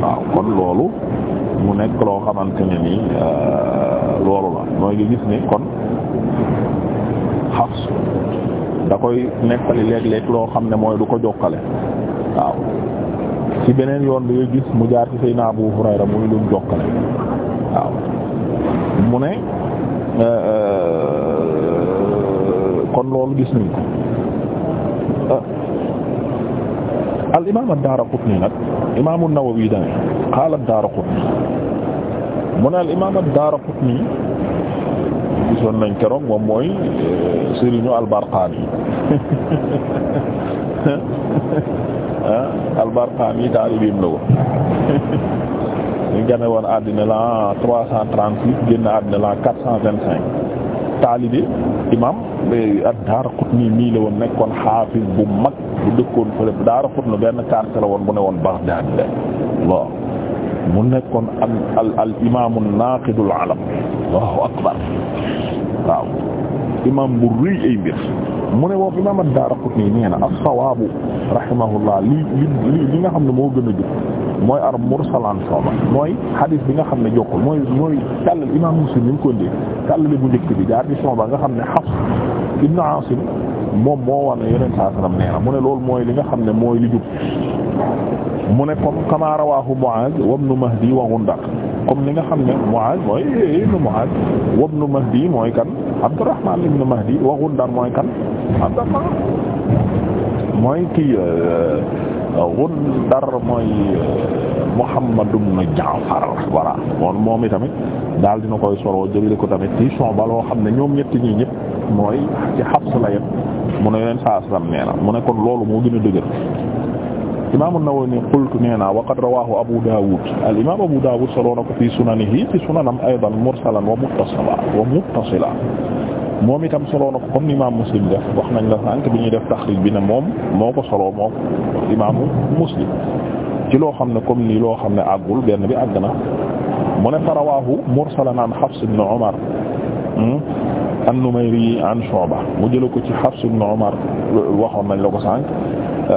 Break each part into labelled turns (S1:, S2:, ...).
S1: waaw kon loolu mu nekk loo xamante ne ni euh, loolu la mooy di gis ni kon Hafs da koy nekkali léeg-léeg loo xam ne mooy du ko jokkale waaw ci beneen yoon bi nga gis mu jaar ci Seydina Abu Hurayra muy lu jokkale waaw mu ne euh, euh, kon loolu gis nañ ko imaam ad-Daaraqutni nag imaam an-Nawawi dane qaala ad-Daaraqutni mu ne al imaam ad-Daaraqutni gisoon nañ keroog moom mooy eh, sëriñu al-Barqaani ah, al-Barqaani taalibeem la woon ñu gane woon àddina la 336 génn àddina la 425 taalibe imaam ad-Daaraqutni mii la woon nekkoon xaafis bu mag bu dëkkoon fële Daaraqutni benn quartier la woon bu ne woon Baghdad de waaw mu nekkoon al al al imaamu naaqidul alam Allahu akbar waaw imaam bu rëy ay mbir mu ne boobu imaam ad-Daaraqutni nee na as-sawaabu rahimahullah li li li nga xam ne moo gën a jub mooy ar mursal an Shu'ba mooy hadith bi nga xam ne jokkul mooy mooy tallal imaam Muslim ñu ngi ko indee tallale bu njëkk bi jaar ci Shu'ba nga xam ne Hafs ibn Asim moom moo war ne yeneen saa salaam mu ne loolu mooy li nga xam ne mooy li jub mu ne comme kama rawahu Mu'az wa ibn Mahdi wa Ghundar comme li nga xam ne Mu'az mooy ibn Mu'az wa ibn Mahdi mooy kan Abdurrahman ibn Mahdi wa Ghundar mooy kan mooy kii euh, Gundar mooy Muhammad ibn Ja'far voilà moom moom itamit daal dina koy soroo jëlee ko tamit ci Shu'ba loo xam ne ñoom ñetti ñi ñëpp mooy ci Hafs la yem mu ne leen saa salaam mu ne kon loolu moo gën a dëgër. Imam ne qultu nee wa qad rawahu Abu Dawud al imam Abu Dawud soroo na ko fii sunanihi sunanam aydan mursalan wa muttasalan wa muttasilan moom itam solo na ko comme ni imaam muslim def wax nañ la sànq bi ñuy def taxrij bi ne moom moo ko solo moo ko imaamu muslim ci loo xam ne comme ni loo xam ne àggul benn bi àgg na mu ne farawaahu mursalan an Hafs ibn Umar hmm, an-Numayri an Shu'ba mu jële ko ci Hafs ibn Umar waxoon nañ la ko sànq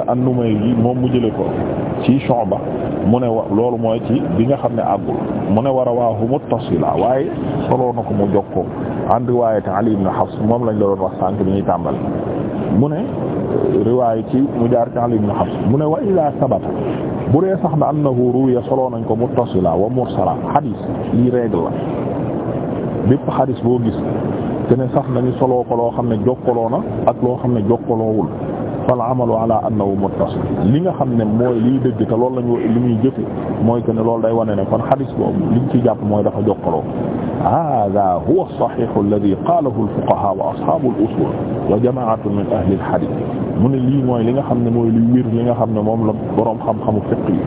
S1: an-Numayri moom mu jële ko ci Shu'ba mu ne wax loolu mooy ci bi nga xam ne àggul mu ne war a waahu muttasila waaye solo na ko mu jokkoo an riwaayati Ali na Hafs moom lañ la doon wax sànk bi ñuy tàmbali mu ne riwaay ci mu jaar ci Ali ibn Hafs mu ne wa laa sabata bu dee sax na annahu ruwiya soloo nañ ko muttasila wa mursala xadiis lii règle la bépp xadiis boo gis te ne sax nañu soloo ko loo xam ne jokkaloo na ak loo xam ne jokkaloowul fal amalu ala annahu muttasil li nga xam ne mooy liy dëgg te loolu lañu li muy jëfe mooy que ne loolu day wane ne kon xadis boobu liñ ci jàpp mooy dafa jokkaloo hada huwa saxihu alladi qaalahu alfuqaha wa ashabu al usul wa jamaatun min ahli alxadis mu ne lii mooy li nga xam ne mooy li wér li nga xam ne moom la boroom xam-xamu fiq yi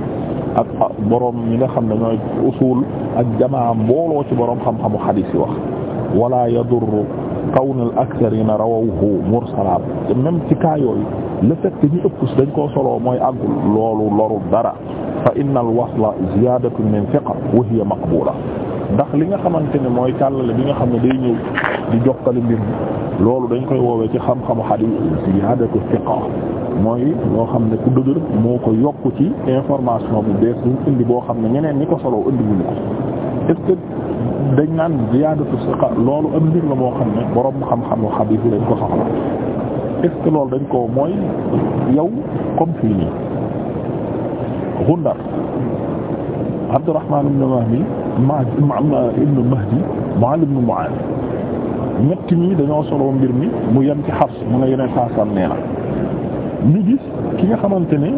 S1: ak boroom ñi nga xam ne ñooy usul ak jamaa mbooloo ci boroom xam-xamu xadis yi wax wala yadurru kawn al aktharina rawawhu mursalan même ci kaa yooyu le fait que ñu dañ koo soloo mooy àggul loolu loru dara fa inna al wasla ziyadatun min thiqa wa hiya maqbula ndax li nga xamante ne mooy càllale bi nga xam ne day ñëw di jokkale mbir mi loolu dañ koy woowee ci xam-xamu hadith ziyaadatu thiqa mooy loo xam ne ku dëgër ko yokku ci information bu bees ñu indi boo xam ne ñeneen ñi ko soloo indi wuñu ko est-ce dañ naan ziyaadatu thiqa loolu am mbir la moo xam ne borom xam-xamu hadith lañ ko soxla est-ce que loolu dañ ko mooy yow comme fii nii Gundar Abdurrahman ibn Mahdi ma ibn Mahdi Mu'aaz ibn Mu'aaz ñett ñi dañoo soloo mbir mi mu yem ci Hafs mu ne yeneen saasam nee na ki nga xamante ne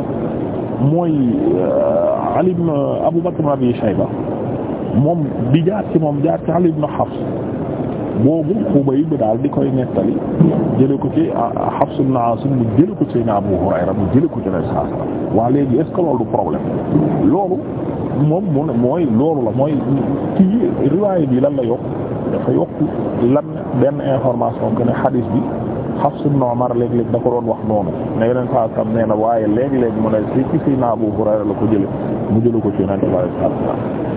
S1: mooy euh, Ali ibn Abu Bakr ibn Abi Shayba moom di jaar moom jaar Ali ibn Hafs boobu Xubayb daal di koy nettali jële ko ci ah, ah, Hafs ibn Asim mu ci Abu mu jële ko ci Nabi sallallahu waa léegi est-ce que loolu du problème loolu moom mu ne mooy loolu la mooy kii riwaaya bi lan la yokk dafa yokk lan benn information que ne xadiis bi Hafs ibn Umar léeg-léeg da ko doon wax noonu ne yeneen saa sam nee na waaye léeg-léeg mu ne si ci Abu Hurayra la ko jële mu jële ko ci Nabi sallallahu alayhi wasallam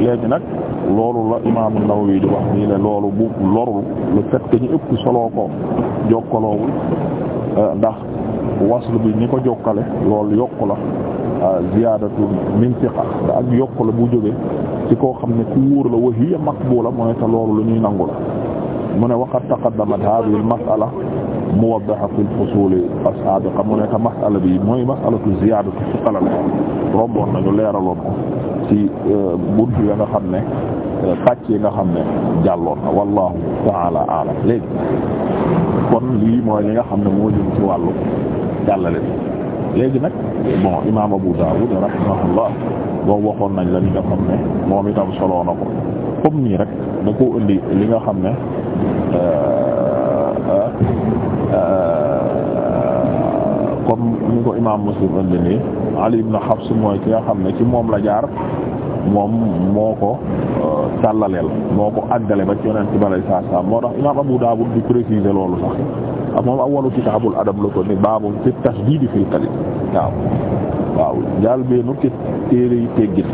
S1: léegi nag loolu la imaam an wax nii ne loolu bu lorul le fait que ñu ëpp soloo ko jokkaloowul euh, ndax waslu bi ni ko jokkale loolu yokku la euh, ziyaadatu min thiqa da ak yokku la bu jóge ci koo xam ne ku wóor la yi hiya maqbula mu ne te loolu lu ñuy nangu la mu ne waqad taqaddamat hadhihi al-mas'ala muwaddaha fi al-fusul as-sabiqa mu ne te mas'ala bi mooy mas'alatu ziyaadatu thiqa la romboon nañu leeraloon ko ci euh, bunt ya nga xam ne euh, pàcc yi nga xam ne jàlloon na wallahu taala alam léegi kon lii mooy li nga xam ne moo jëm ci wàllu jàllale léegi nag bon imaam Abu Dawud rahimahullah boobu waxoon nañ la li nga xam ne moom itam soloo ko comme nii rek da koo indi li nga xam ne euh, comme ni ko imaam Muslim indi nii Ali ibn Hafs mooy ki nga xam ne ci moom la jaar moom moo ko càllaleel euh, moo ko àggale ba ci yonent bi alayhi salaatu moo tax imaam Abu Daawud di préciser loolu sax moom awwalu kitaabul adab la ko ni baabu fi tasdiid fil kalim waaw waaw njaal beenu ci téere yi teggin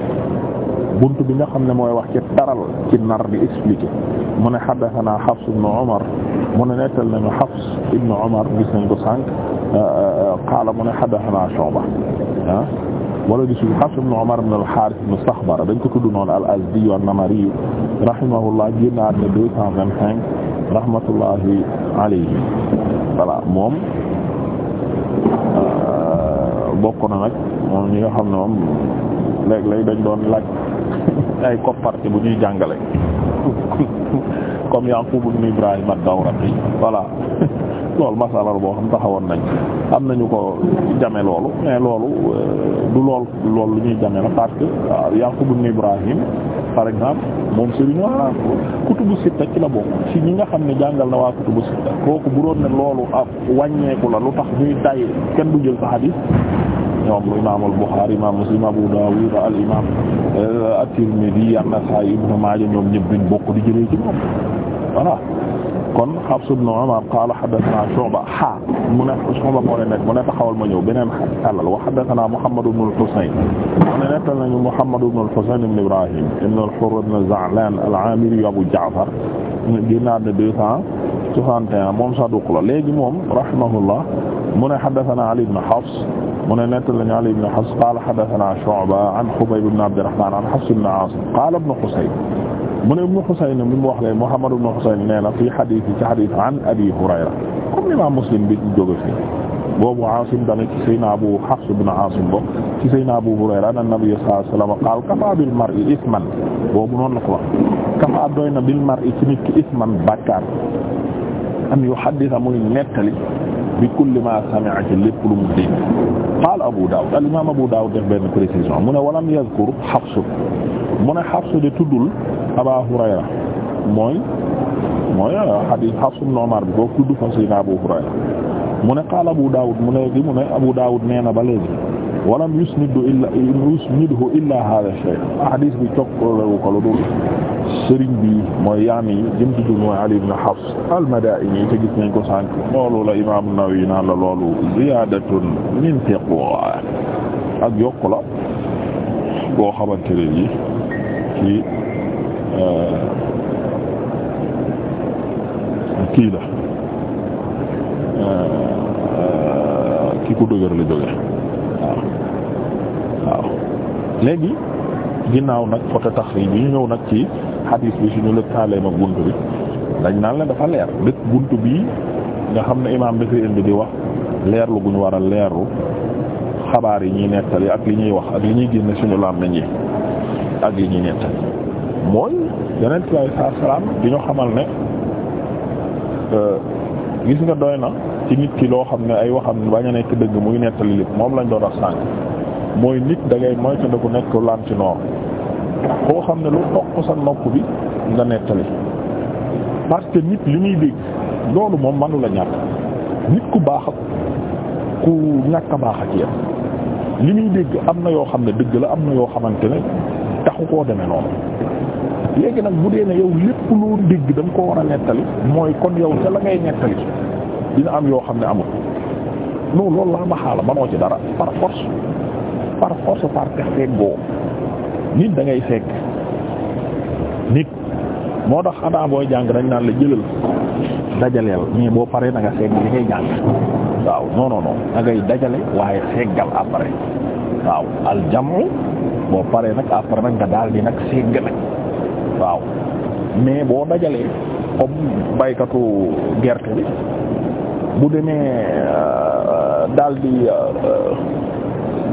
S1: bunt bi nga xam ne mooy wax ci taral ci nar di expliquer mu ne haddathana Hafs ibn Umar mu ne nettal nañu Hafs ibn Umar gis nañ ko sànq euh, euh, qaala mu ne haddathana Shu'ba ah? wala gis nga Hafs ibn Umar ibn al-Harith ibn dañ ko tudd noonu al-Azdi an-Namari rahimahullah génn àddina deux cent vingt cinq rahmatullahi alayhi voilà moom euh, bokk na nag moom ñi nga xam ne moom léeg-léeg dañ doon laaj ay koppar ci bu ñuy jàngale comme Yaqub ibn Ibrahim ad-Dawraqi voilà loolu masala boo xam taxawoon nañ am nañu ko jame loolu mais loolu euh, du lool lool lu ñuy jame la parce que ah, Yaqub ibn Ibrahim par exemple moom Serigne wala kutubu sitta ci la bokk ci ñi nga xam ne jàngal na waa kutubu sitta kooku bu doon ne loolu ak wàññeeku la lu tax ñuy tay kenn du jël sa hadith ñoom imam al-Bukhari imam Muslim Abu Dawud al imam euh, at-Tirmidhi an-Nasa'i Ibn Majah ñoom ñëpp duñ bokk di jëlee ci moom voilà kon Hafs ibn Umar qaala haddathanaa Shu'ba ha mu ne Shu'ba moo ne nekk mu ne taxawal ma ñëw beneen xalal wa haddathanaa Muhammad ibn al-Husayn mu ne nettal nañu Muhammad ibn al-Husayn ibn Ibrahim ibn al-Hurr ibn Za'lan al-Aamiri Abu Ja'far génnaat na deux cent soixante et un moom saduq la léegi moom rahimahullah mu ne haddathanaa Ali ibn Hafs mu ne nettal nañu Ali ibn Hafs qaala haddathanaa Shu'ba an Hubayb ibn Abdirrahmaan an Hafs ibn Aasim qaala ibn Husayn mu ne ibnu Husayn bi mu wax leen Muhammad ibnu Husayn nee na fii xadiis yi ci xadiis an Abi Hurayra comme imam Muslim bi jóge fii boobu Aasim tamit ci Seydina Abu Hafs ibnu Aasim bokk ci Seydina Abu Hurayra anna Nabiyya sallallahu alayhi wa sallam qaala kafaa bil mar'i isman boobu noonu la ko wax kafaa doy na bil mar'i ci nit ki isman bàkkaar an yuhaddisa muy nettali bi kulli ma sami'a ci lépp lu mu dégg qaala Abu Daawud al imaam Abu Daawud def benn précision mu ne walam yazkur Hafs mu ne Hafs de tuddul Aba Hurayra mooy mooy euh, hadith Hafs ibn Umar bi boo tudd fa Seydina Abu Hurayra mu ne qaala Abu Dawud mu ne di mu ne Abu Dawud nee na ba léegi walam yusnidu illa yusnidhu illa hadha shay hadith bi cokkalewu ko lu dul sëriñ bi mooy yaani jëm ci mooy Ali ibn Hafs al-Madaini te gis nañ ko sànq loolu la Imam Nawawi naan la loolu ziyaadatun min fiqh ak yokku la boo xamante ne ci Euh, kii la euh, ki ku dëgër la jóge waaw waaw léegi ginnaaw nag côté taxriij bi ñu ñëw nag ci xadiis bi suñu lëkkaaleem ak bunt bi dañ naan la dafa leer lépp bunt bi nga xam ne imaam bi fi indi di wax leerlu guñ war a leerlu xabaar yi ñuy nettali ak li ñuy wax ak li ñuy génne suñu làmmiñ yi ak li ñuy nettali mooy yeneen tubaab yi salaam di ñu xamal ne euh, gis nga doy na ci nit ki loo xam ne ay waxam bañ a nekk dëgg muy nettali lépp moom lañ doon wax sànq mooy nit da ngay moytandiku nekk lam ci noor koo xam ne lu toq sa nopp bi nga nettali parce que nit li muy dégg loolu moom manu la ñàkk nit ku baax ak ku ñàkk a baax ak yéen li muy dégg am na yoo xam ne dëgg la am na yoo xamante ne taxu koo demee noonu. léegi nag bu dee na yow lépp loo dégg da ko war a nettali mooy kon yow ca la ngay nettali dina am yoo xam ne amul non loolu laa ma xaala manoo ci dara par force par force par tex boo nit da ngay fekk moo tax xanaa jàng dañ naan la jëlal dajaleel mais boo paree na nga segg li ngay jàng waaw non non non dajale waaye seggal après waaw aljamu boo paree nag après nag nga daal di nag segg nag waaw mais boo dajalee comme baykatu gerte bi bu demee euh, dal di euh, euh,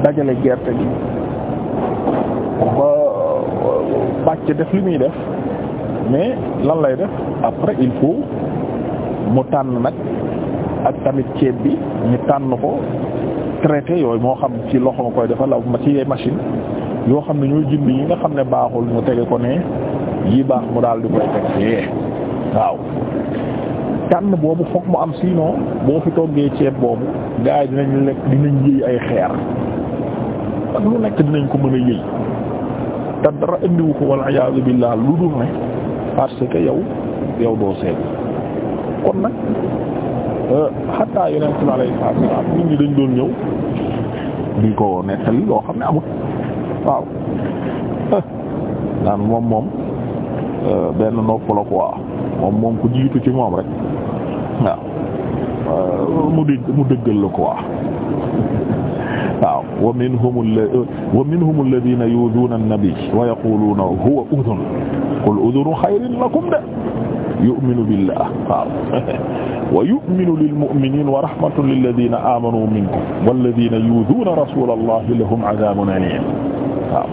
S1: dajale gerte gi ba bàcc def li muy def mais lan lay def après il faut mu tànn nag ak tamit ceeb bi ñu tànn ko traité yooyu moo xam ci loxo nga koy defal ma ci machine yoo xam ne ñooy jënd yi nga xam ne baaxul mu tege ko ne yi baax mu daal di koy teg fee waaw tànn boobu fokk mu am sinon boo fi toggee ceeb boobu gaa yi dinañ lekk dinañ yëy ay xeer ak lu nekk dinañ ko mën a yëy te dara indiwu ko wal iyaazu billaah lu dul ne parce que yow yow doo seetlu kon nag xataa euh, yeneen ci lay saa si waat nit ñi doon ñëw di ko nettali loo xam ne amut waaw naan moom moom. Euh, benn nopp la quoi moom moom ku jiitu ci moom rek waaw euh, mu di mu dëggal la quoi waaw wa minhum wa minhum alladhina yu'dhuna an-nabiy wa yaquluna huwa udhun qul udhunu khayrun lakum de yu'minu billah waaw wa yu'minu lil mu'minin wa rahmatun lil ladhina amanu minkum wal ladhina yu'dhuna rasulallahi lahum 'adhabun alim waaw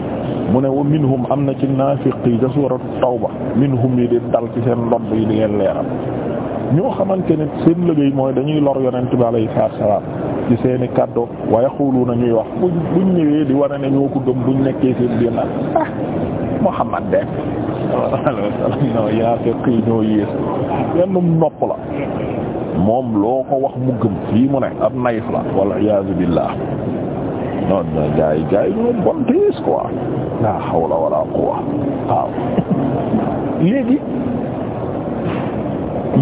S1: mu ne wa minhum am na ci naafiqi ca suuratu tawba minhum yi di dal ci seen ndodd yi di leen leeral ñoo xamante ne seen liggéey mooy dañuy lor yonent bi alayhi salaam ci seeni kàddu wa na ñuy wax buñ buñ ñëwee di wane ne ñoo ko gëm buñ nekkee seen biir nag ah Muhammad de non yaa fekk ñoo yées benn nopp la moom loo ko wax mu gëm fii mu ne ab nayif la wal iyaazu billaah non non gars yi gars yi ñoo bon tiis quoi la hawla wala quwwa waaw léegi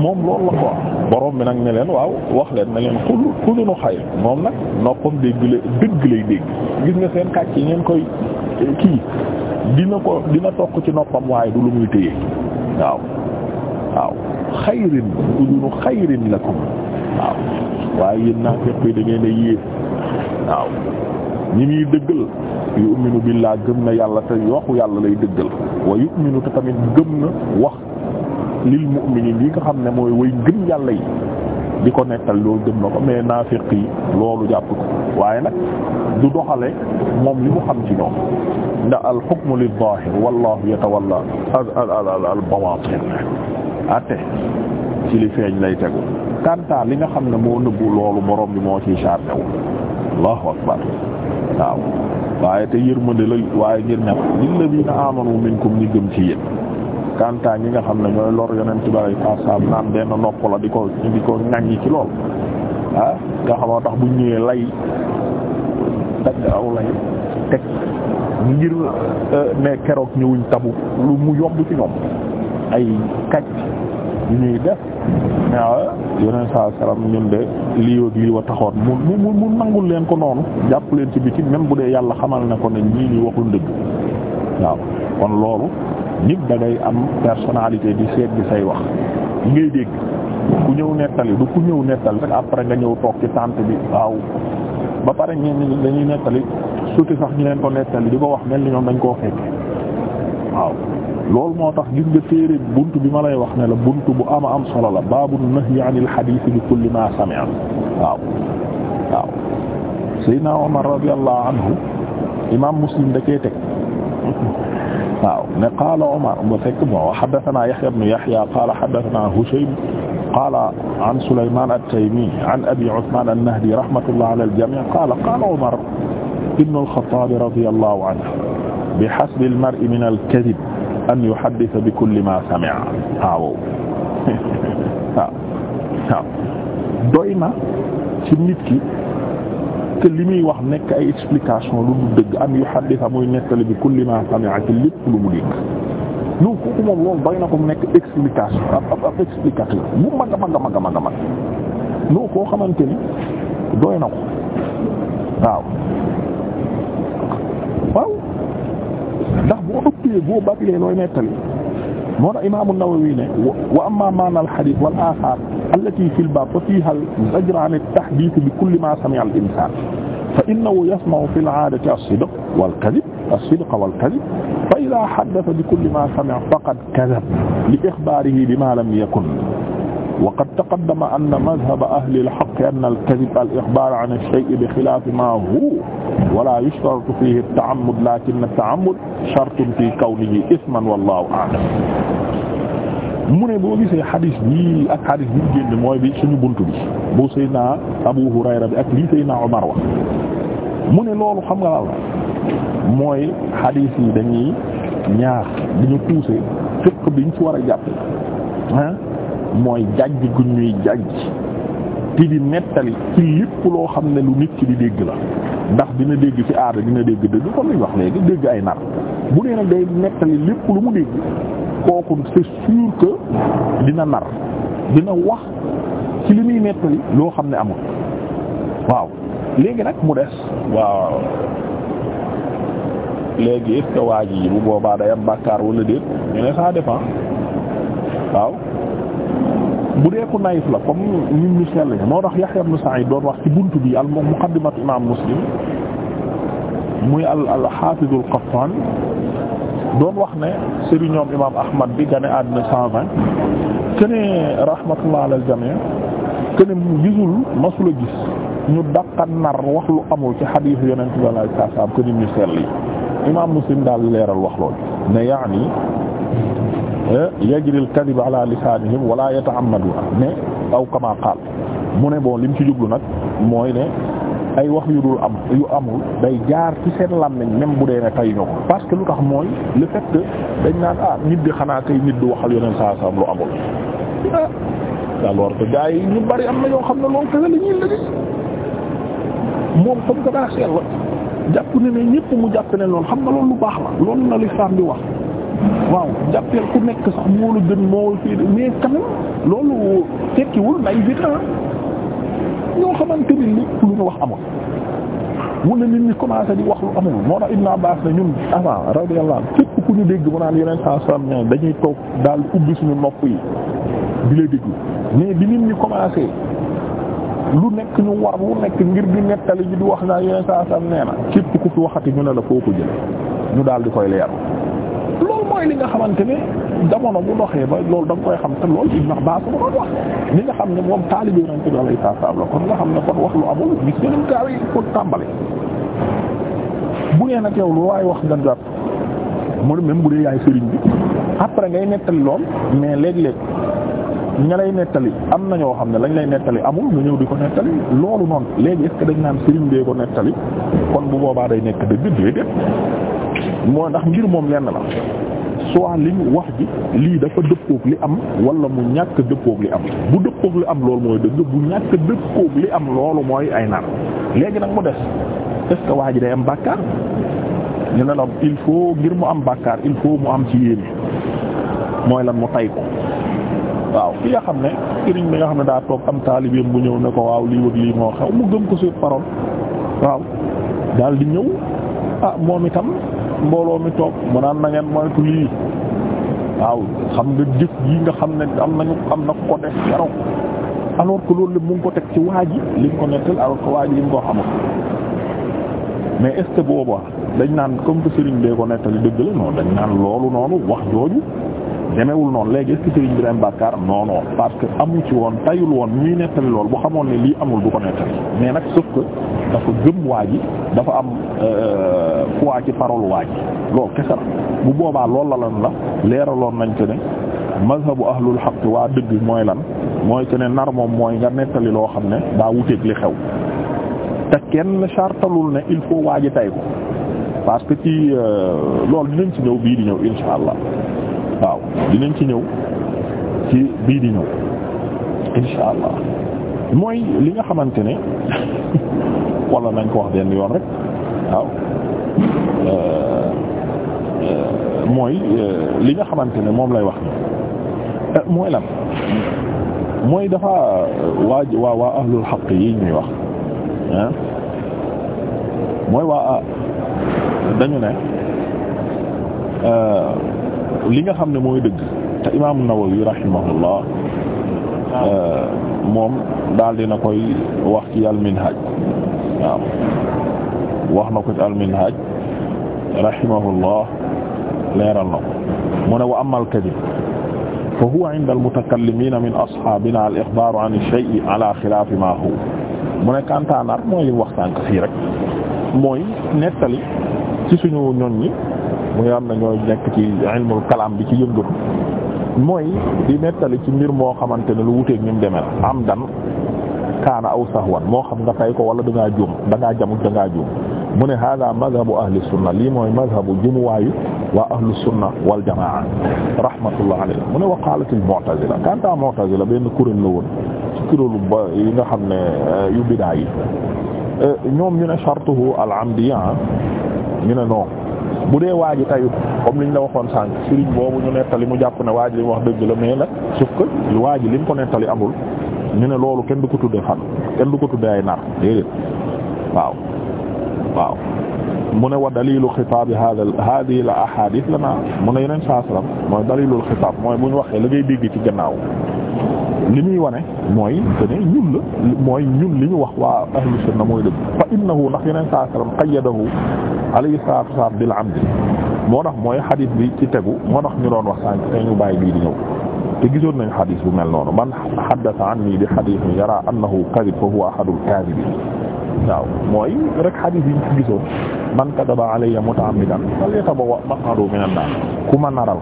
S1: moom loolu la quoi borom bi nag ne leen waaw wax leen ne leen xul xulunu xayr moom nag noppam dégg la dëgg lay dégg gis nga seen kàcc yi ngeen koy eh, kii dina ko dina toq ci noppam waaye du lu muy téye waaw waaw xayrin xulunu xayrin lakum waaw waaye yéen naa fekk da ngeen a yéeg waaw ñi muy dëggal yu'minu billah gëm na yàlla te waxu yàlla lay dëggal wa yu'minu te tamit gëm na wax lil mu'minin yi nga xam ne mooy way gëm yàlla yi di ko nettal loolu gëm na ko mais naafiq yi loolu jàpp ko waaye nag du doxale moom li mu xam ci ñoom ndax al hukmu lil zahir wallahu yatawalla al bawatin ate ci li feeñ lay tegu kanta li nga xam ne moo nëbbu loolu borom bi moo ciy chargé wu allahu akbar waaw waaye te yërmande la waaye ngir ñàkk lilladiina aamanu minkum ñi gëm ci yéen kantaa ñi nga xam ne ñooy lor yonent bi saa naan benn nopp la di ko di ko ŋaññi ci lool ah nga xamoo tax bu ñëwee lay dagg aw lay teg ngir euh, ne keroog ñëwuñ tabu lu mu yomb ci ñoom ay kàcc yu ñuy def ne yeneen saa salaam ñun de lii ak lii taxoon mu mu mu nangul leen ko noonu jàpp leen ci biti même bu dee yàlla xamal ne ko ne ñii ñu waxul dëgg waaw kon loolu nit da ngay am personnalité di seet bi say wax li ngay dégg ku ñëw nettali du ku ñëw nettali rek après nga ñëw toog ci tànt bi waaw ba pare ñenn ñi dañuy nettali surtout sax ñu leen ko nettali di ko wax mel ni ñoom dañ koo fekke waaw loolu moo tax gis nga téere buntu bi ma lay wax ne la buntu bu ama am solo la baabu nahyi anil hadith bi kulli ma sami'a waaw waaw Seydina Omar radiyallahu anhu imam Muslim da koy teg waaw ne qaala Omar ba fekk bon haddathana Yahya ibn Yahya qaala haddathana Hushaym qaala an Sulaymaan at-Taymi an Abi Usmaan an-Nahdi rahmatullahi ala al-jamii' qaala qaala Omar ibn al-Khattaab radiyallahu anhu bi hasbi al min al-kadhib an yuhaddisa bi kulli ma sami'a waaw waaw waaw doy na ci nit ki te li muy wax nekk ay explication lu du dëgg an yuhaddisa muy nettali bi kulli ma sami'a ci lépp lu mu dégg non kooku moom loolu doy na ko nekk explication ab ab explicateur bu mag a mag a mag a koo xamante ni doy na ko waaw téye boo batilee looy nettali moo tax imaamu Nawawi ne wa amma maana al-hadith wal athar allati fi al-bab fa fiha al-zajran at-tahdith bi kulli ma sami'a al-insan fa innahu yasma'u fi al-'adati as-sidq wal-kadhib as-sidq wal-kadhib fa idha haddatha bi kulli ma sami'a faqad kadhab li ikhbarihi bima lam yakun wa qad taqaddama anna madhhab ahli al-haqq ka anna al-kadhib al-ikhbar an ash-shay'i bi khilaf ma huwa wa la yushtaratu fihi at-ta'ammud lakin at-ta'ammud shartun fi kawnihi isman wallahu a'lam mu ne boo gisee xadis bi ak xadis bi génn mooy bi suñu bunt bi bu Seydina Abu Hurayra bi ak lii Seydina Omar wax mu ne loolu xam nga la mooy xadis yi dañuy ñaar di ñu pousser fiq bi ñu ci war a jàppe ah mooy jàjj gu ñuy jàjj di di nettali ci lépp loo xam ne lu nit ki di dégg la ndax dina dégg ci aada dina dégg dëgg comme ñu wax léegi dégg ay nar bu dee nag day nettali lépp lu mu dégg kooku c'est sûr dina nar dina wax ci li muy nettali loo xam ne amul waaw léegi nag mu des waaw léegi est-ce que waa ji bu boobaa day am bàkkaar wala déet ñu ne ça dépend waaw bu dee ku naïf la comme ñun ñu sell ñi moo tax Yahya ibn Sa'id doon wax ci bunt bi al muqaddimatu imam Muslim muy al al Hafiz al doon wax ne sëriñ ñoom imam Ahmad bi gane àddina cent vingt kene rahmatullah ala al jami' kene gisul masula gis ñu daqan nar wax lu amul ci xadiis yonent bi sallallahu alayhi wasallam kene ñu sell yi imam Muslim daal leeral wax lool ne yaani yajri al-kadhib ala lisaanihim wala yata'ammaduna ne aw kama qaal mu ne bon lim ci jublu nag mooy ne ay wax yu dul am yu amul day jaar ci seen làmmiñ même bu dee ne tay ñoo parce que lu tax mooy le fait dañ naan ah nit di xanaa kay nit du waxal yeneen saa saa lu amul. ah alors que gars yi ñu bari am na ñoo xam ne loolu kese la ñuy moom comme que daa seet jàpp ne ne ñépp mu jàpp ne loolu xam nga loolu lu baax la loolu la l'islam bi wax. waaw jàppeel ku nekk sax moo la gën moo fii mais quand loolu tekkiwul nay bid'a ah. ñoo xamante ni lépp lu ñu wax amul wala nit ñi commencé di wax lu amul moo tax Ibn Abbas ne ñun avant radiyallahu képp ku ñu dégg mu naan yeneen saa salaam ñaan dañuy toog dal ubbi ñu nopp yi di la déglu mais bi nit ñi commencé lu nekk ñu war lu nekk ngir bi nettali ji di wax naa yeneen saa salaam nee na képp ku fi waxati ñu ne la foo ko jëlee ñu daal di koy leer. mooy li nga xamante ne jamono bu doxee ba loolu da nga koy xam te loolu Ibn Abbas ba doon wax li nga xam ne moom taalibe Yonent bi alayhi salaam la kon nga xam ne kon wax lu amul gis nga ni gaaw yi pour tàmbali. bu nee nag yow lu wax nga jàpp mooy même bu dee yaay bi après ngay nettali lool mais léeg-léeg ña lay nettali am na ñoo xam ne lañ lay nettali amul nga ñëw di ko nettali loolu noonu léegi est ce que dañ naan sëriñ bee ko nettali kon bu boobaa day nekk dëgg déedéet moo ndax mbir moom lenn la soit li ñu wax ji lii dafa dëppoog li am walla mu ñàkk dëppoog li am bu dëppoog li am loolu mooy dëgg bu ñàkk dëppoog li am loolu mooy ay naan léegi nag mu des est-ce que waa ji day am bàkkaar ñu ne la il faut ngir mu am bàkkaar il faut mu am ci yéene mooy lan mu tay ko waaw ki nga xam ne sëriñ bi nga xam ne daa toog am taalibeem bu ñëw ne ko waaw lii wëg lii moo xew mu gëm ko sur parole waaw daal di ñëw ah moom itam mbooloo mi toog mu naan na ngeen moytu lii waaw xam nga jëf yi nga xam ne am nañu am na ko def keroog alors que loolu mu ngi ko teg ci waa ji li ko nettal alors que waa ji ko xamul mais est ce que booba dañ naan comme que Serigne bee ko nettali dëgg la non dañ naan loolu noonu wax jooju. demewul noonu léegi est-ce que sëriñ bi dem bàkkaar non non parce que amu ci woon tayul woon ñuy nettali lool bu xamoon ne lii amul du ko nettali mais nag sauf que dafa gëm waa ji dafa am euh, foi ci parole waa ji loolu kese la bu boobaa lool la lan la leeraloon nañ ko ne mazhabu ahlul haqq waa dëgg mooy lan mooy que ne nar moom mooy nga nettali loo xam ne daa wuteeg li xew te kenn chartalul ne il faut waa ji tay ko parce que ci euh, loolu dinañ ci ñëw bii di ñëw insha allah waaw dinañ ci ñëw ci bii di ñëw insha allah mooy li nga xamante ne wala nañ ko wax dendi yoon rek waaw euh, euh, mooy euh, li nga xamante ne moom lay wax ni mooy lan mooy dafa waa waa waa ahlul xaq yi ñuy wax ah mooy waa ah, dañu ne li nga xam ne mooy dëgg te imaam Nawawi rahimahullah euh, moom daal dina koy wax ci al-Minhaj waaw wax na ko ci al-Minhaj rahimahullah leeral na ko mu ne wa amma al-kadhib fa huwa inda al-mutakallimina min ashabina al-ikhbaru an ash-shay'i ala khilaafi ma huwa mu ne kantaanar mooy li mu wax sànq fii rek mooy nettali ci suñu ñoñ ñi mu ngi am na ñooy nekk ci ilmul bi ci yëngatu mooy di nettali ci mbir moo xamante ne lu wuteeg ñu demee am dan kaana aw sahwan moo xam nga tay wala da ngaa juum da ngaa jamut mu ne hada madhabu ahli sunna lii mooy madhabu jumuwaayu waa ahlu sunna wal jamaa rahmatullah alayhi mu ne wa qalat al mu'tazila kanta mu'tazila la woon ci kuréelu yi nga xam ne yu bidaa yi ñoom ñu ne shartuhu al amdiya ñu ne non bu dee waa ji tayut comme li liñ la waxoon sànq sëriñ boobu ñu nettali mu jàpp ne waaj ji li mu wax dëgg la mais la sauf que waa ji li mu ko nettali amul ñu ne loolu kenn du ko tuddee fan kenn du ko tuddee ay nar déedéet waaw waaw mu ne wa dalilu xitaabi hada hadihi la ahadith lana mu ne yeneen saa salaam mooy dalilul xitaab mooy bu ñu waxee la ngay dégg ci gannaaw li muy wane mooy que ñun la mooy ñun li ñu wax waa ahlu na mooy dëgg fa innahu ndax yeneen saa sallam qayyadahu alayhi salaatu wasalaam bil amdi moo tax mooy xadis bi ci tegu moo tax ñu doon wax sànq tey ñu bàyyi bii di ñëw te gisoon nañ xadis bu mel noonu man haddatha anni bi xadisin yara annahu kadib fa huwa ahadul kaadibiin waaw mooy rek xadis yi ñu ci gisoon man kadaba alayya muta'ammidan falyatabawwa maq'adahu minan naar ku ma naral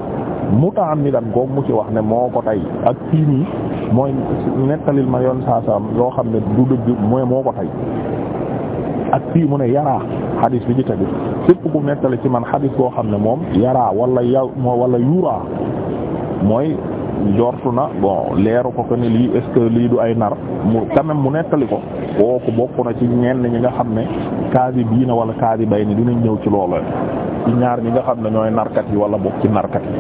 S1: muta'ammidan googu mu ci wax ne moo ko tey ak mooy nettalil ma yoon saa loo xam ne du dëgg mooy moo ko tey ak fii mu ne yaraa xadis bi ci tegu képp ku nettali ci man xadis boo xam ne moom yaraa wala yaw wala yuraa mooy jortu na bon leeru ko que ne lii est ce que lii du ay nar mu quand mu nettali ko kooku bokk na ci ñenn ñi nga xam ne kaasi bii na wala kaasi bay ni dinañ ñëw ci loolu ci ñaar ñi nga xam ne ñooy narkat yi wala bokk ci narkat yi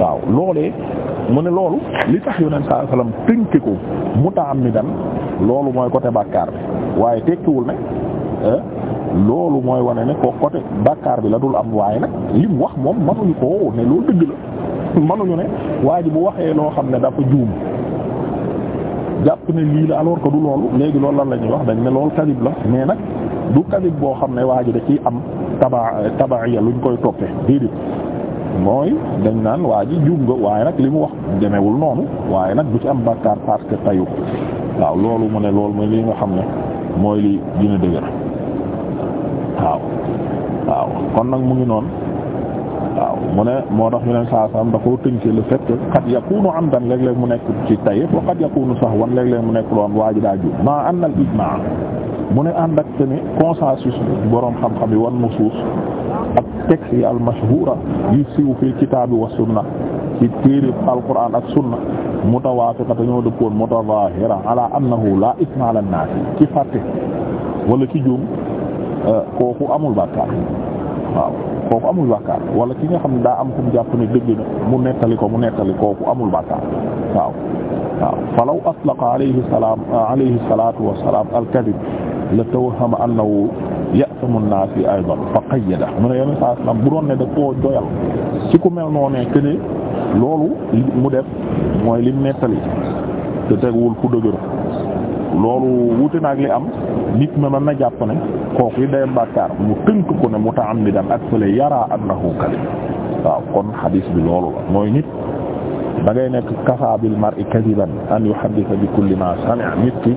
S1: waaw loolee mu ne loolu li tax yonent saa sallam tënke ko mutaammidan loolu mooy côté bàkkaar bi waaye tekkiwul ne eh, loolu mooy wane ne ko côté bàkkaar bi la dul am waaye nag lim wax moom mënuñu ko ne loolu dëgg la mënuñu ne waa ji bu waxee loo xam ne dafa juum jàpp ne lii la aloor que du loolu léegi loolu lan la ñuy wax dañ ne loolu kadib la mais nag du kadib boo xam ne waa ji da ciy am taba ya luñ koy toppee déedéet mooy dañ naan waa ji juum waaye nag li mu wax demewul noonu waaye nag du ci am bàkkaar parce tayu waaw loolu mu ne loolu mooy li nga xam ne mooy li dina dëgër waaw waaw kon nag mu ngi noon waaw mu ne moo tax ñu ne saa da koo tënkee le fait que qad yakunu amdan léeg mu nekk ci tayef wa qad yakunu sahwan léeg mu nekk loon waa ji daa juum ma anna al ijmaa mu ne ànd ak te ni consensus borom xam-xam yi wan suus texte yi almashhura yu siiw fil kitaabi wa sunna ci téere alquran ak sunna mutawaafiqa dañoo dëppoon mutazahira ala annahu la isma ala naas ci fàtte wala ci juum euh, kooku amul bàkkaar waaw kooku amul bàkkaar wala ki nga xam ne daa am kum jàpp ne dëgg na mu nettali ko mu nettali kooku amul bàkkaar waaw waaw falaw atlaqa alayhi salaam alayhi salaatu wa salaam al-kadhib la tawahhama annahu ya'samu an-naas aydan fa qayyada mu ne yenn saa salaam bu doon ne da koo ci ku mel noo ne këne loolu mu def mooy lim nettali te teguwul fu dëgër loolu wuute na ak li am nit ma mën na jàpp ne kooku yi day bàkkaar mu tënk ko ne muta'ammidan ak fële yara annahu kadhib waaw kon xadiis bi loolu la mooy nit da ngay nekk kafa bil mar'i kadiban an yuhaddisa bi kulli ma sami'a nit ki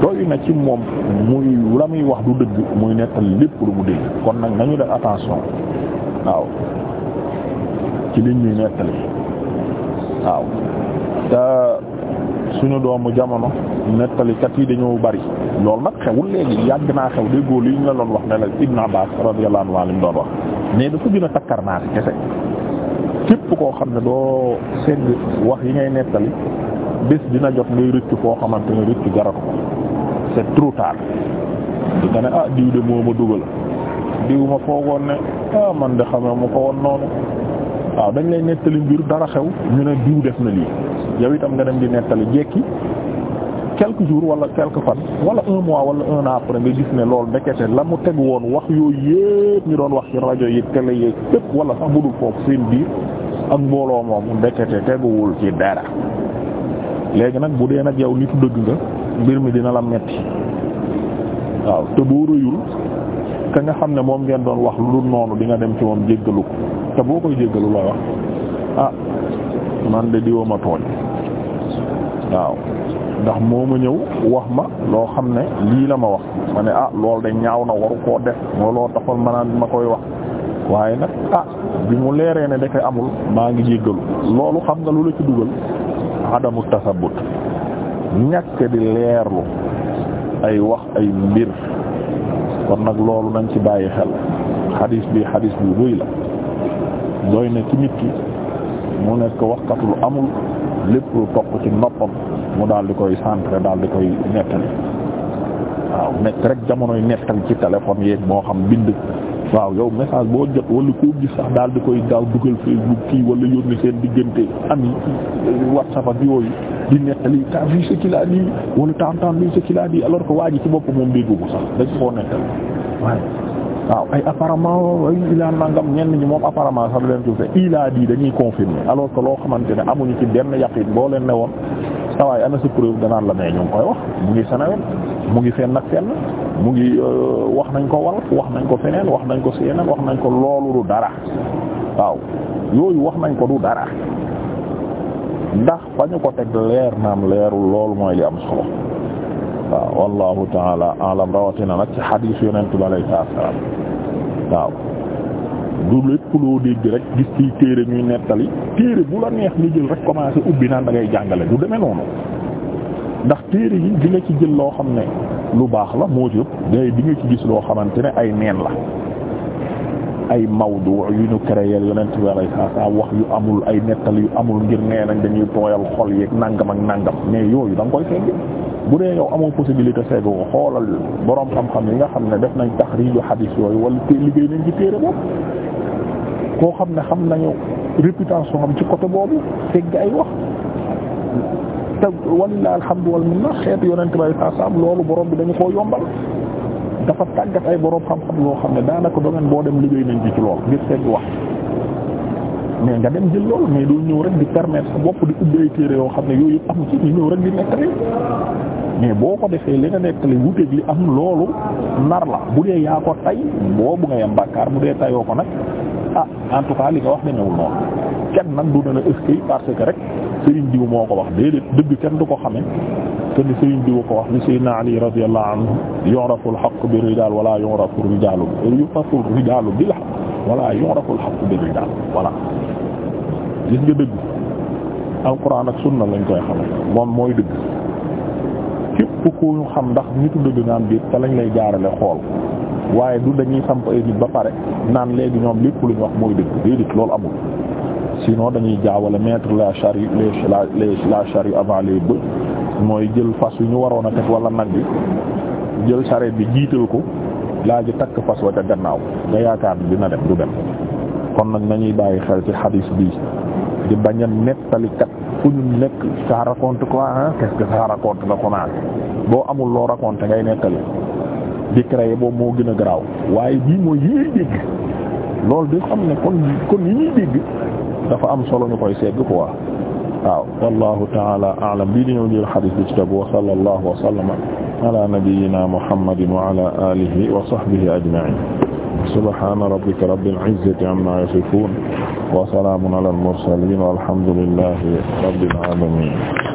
S1: doy na ci moom muy la muy wax du dëgg muy nettal lépp lu mu dégg kon nag nañu def attention waaw ci liñ ñuy nettali waaw te suñu doomu jamono nettalikat yi dañoo bari loolu nag xewul léegi yàgg naa xew déggoo li ñu la doon wax ne la Ibn Abbas radiyallahu anhu li mu doon wax mais dafa gën a takkar naa si kese képp koo xam ne doo segg wax yi ngay nettali bés dina jot ngay rëcc foo xamante ne rëcc jaratu ko c'est trop tard di nga ne ah diw de moo ma dugal diw ma foogoon ne ah man de xamee mu ko woon noonu waaw dañ lay nettali mbir dara xew ñu ne diw def na lii yow itam nga dem di nettali jekki quelque jours wala quelques fan wala un mois wala un an après nga gis ne lool ndekete la mu tegu woon wax yooyu yépp ñu doon wax ci rajo yi télé yi yépp wala sax budul foofu seen biir ak mbooloo moomu ndekete teguwul ci dara léegi nag bu dee nag yow nitu dëgg nga mbir mi dina la metti waaw te boo rëyul ka nga xam ne moom ngeen doon wax lu dul noonu di nga dem ci moom jéggalu ko te boo koy jéggalu looy wax ah man de diwa ma tooñ waaw ndax moo ma ñëw wax ma loo xam ne lii la ma wax ma ne a ah lool de ñaaw na waru koo def looloo taxoon ma naan ma koy wax waaye nag ah bi mu leeree ne dafay amul maa ngi jéggalu loolu xam nga lu la ci dugal adamu tasabbut ñàkk di leerlu ay wax ay mbir kon nag loolu nañ ci bàyyi xel xadiis bi xadiis bu rëy la doy na ci nit ki mu nekk waxkat lu amul lépp lu topp ci noppam mu daal di koy centré daal di koy nettali waaw nekk rek jamonoy nettali ci téléphone yeeg moo xam bind waaw yow message boo jot wala koo gis sax daal di koy daaw dugal Facebook kii wala yónni seen diggante am WhatsApp ak yooyu di nettali t'as vu ce qu'il a dit wala t'as entendu ce qu'il a dit alors ci bopp moom déggu ko sax dañ koo nettal waaye waaw ay apparemment ay moom apparemment sax leen ci fe ilaa di loo xamante ne amuñu ci benn yaqin boo leen ne woon sawaay ana sa preuve danaan la mais ñu ngi koy wax mu ngi Sénégal mu ngi fenn ak fenn mu ngi euh, wax nañ ko wal wax nañ ko feneen wax nañ ko CNN wax nañ ko loolu du dara waaw yooyu wax nañ ko du dara ndax fa ñu ko teg leer naam leerul loolu mooy li am solo waaw wallahu taala alam rawatina nag ci xadiis yonent bi alayhi salaam waaw du lépp loo dégg rek gis ciy téere ñuy nettali téere bu la neex ni jël rek commencé ubbi naan da ngay jàngale du demee noonu ndax téere yi dina ci jël loo xam ne lu baax la moo ci day di nga ci gis loo xamante ne ay neen la ay mawdu yu ñu créé yonent bi alayhi salaam wax yu amul ay nettal yu amul ngir nee nañ dañuy tooyal xol yeeg nangam ak nangam mais yooyu da koy segg bu dee yow amoo possibilité segg xoolal borom xam-xam yi nga xam ne def nañ taxriiju xadiis yooyu wala liggéey nañ ci téere boobu koo xam ne xam nañu réputation am ci côté boobu segg ay wax. te walilah alhamdu wal minna xeetu yonent bay saasaam loolu boroom bi dañu koo yombal dafa tàggat ay boroom xam-xam loo xam ne daanaka domaine boo dem liggéey nañ ci ci lool ngir seeg wax mais nga dem jël loolu mais doo ñëw rek di permettre bopp di ubbi téere yoo xam ne yooyu yëpp am ci ñu ñëw rek di nettali mais boo ko defee li nga nettali wuteeg li am loolu nar la bu dee yaa ko tay boobu nga yem bàkkaar bu dee tayoo ko nag ah en tout cas li nga wax demewul noonu kenn nag du ne la est-ce parce que rek Serigne diw moo ko wax déedéet dëgg kenn du ko xamee te ni diw ko wax ni Seydina Ali radiyallahu anhu yu'rafu al-haqqu bir-rijaal wala yu'rafu ar-rijaalu yu'rafu ar-rijaalu bil-haqq wala yu'rafu al-haqqu bir-rijaal voilà gis nga ak sunna lañ koy xamee moom mooy dëgg képp ku ñu xam ndax nitu dëgg naan biir te lañ lay jaarale xool waaye du dañuy samp ay nit ba pare naan léegi ñoom lépp lu ñu wax mooy dëgg déedéet loolu amul sinon dañuy jaawale mettre la char les la la charrue avant les bœufs mooy jël fas yu ñu waroon a teg wala nag bi jël charrette bi jiital ko laa takk fas wa gannaaw nga yaakaar ni dina dem du dem kon nag nañuy bàyyi xel ci xadis bi di bañ a nettalikat fu ñu nekk ça raconte quoi hein qu'est-ce que ça raconte nga commencé boo amul loo raconté ngay nettali di créer boobu moo gën a garaaw waaye bii mooy yi ñuy dégg loolu di xam kon kon yi dafa am solo ñu koy segg quoi waaw wallahu taala aalam bii di ñëw jël xadis bi ci tegu wa sallallahu wa sallama ala nabiyyina muhammadin wa ala alihi wa sahbihi ajma'in subhana rabbika rabbil izzati amma yasifun wa salamun ala al mursalin walhamdulillahi rabbil alamin